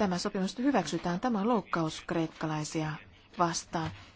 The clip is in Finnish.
tämä sopimus hyväksytään. Tämä on loukkaus kreikkalaisia vastaan.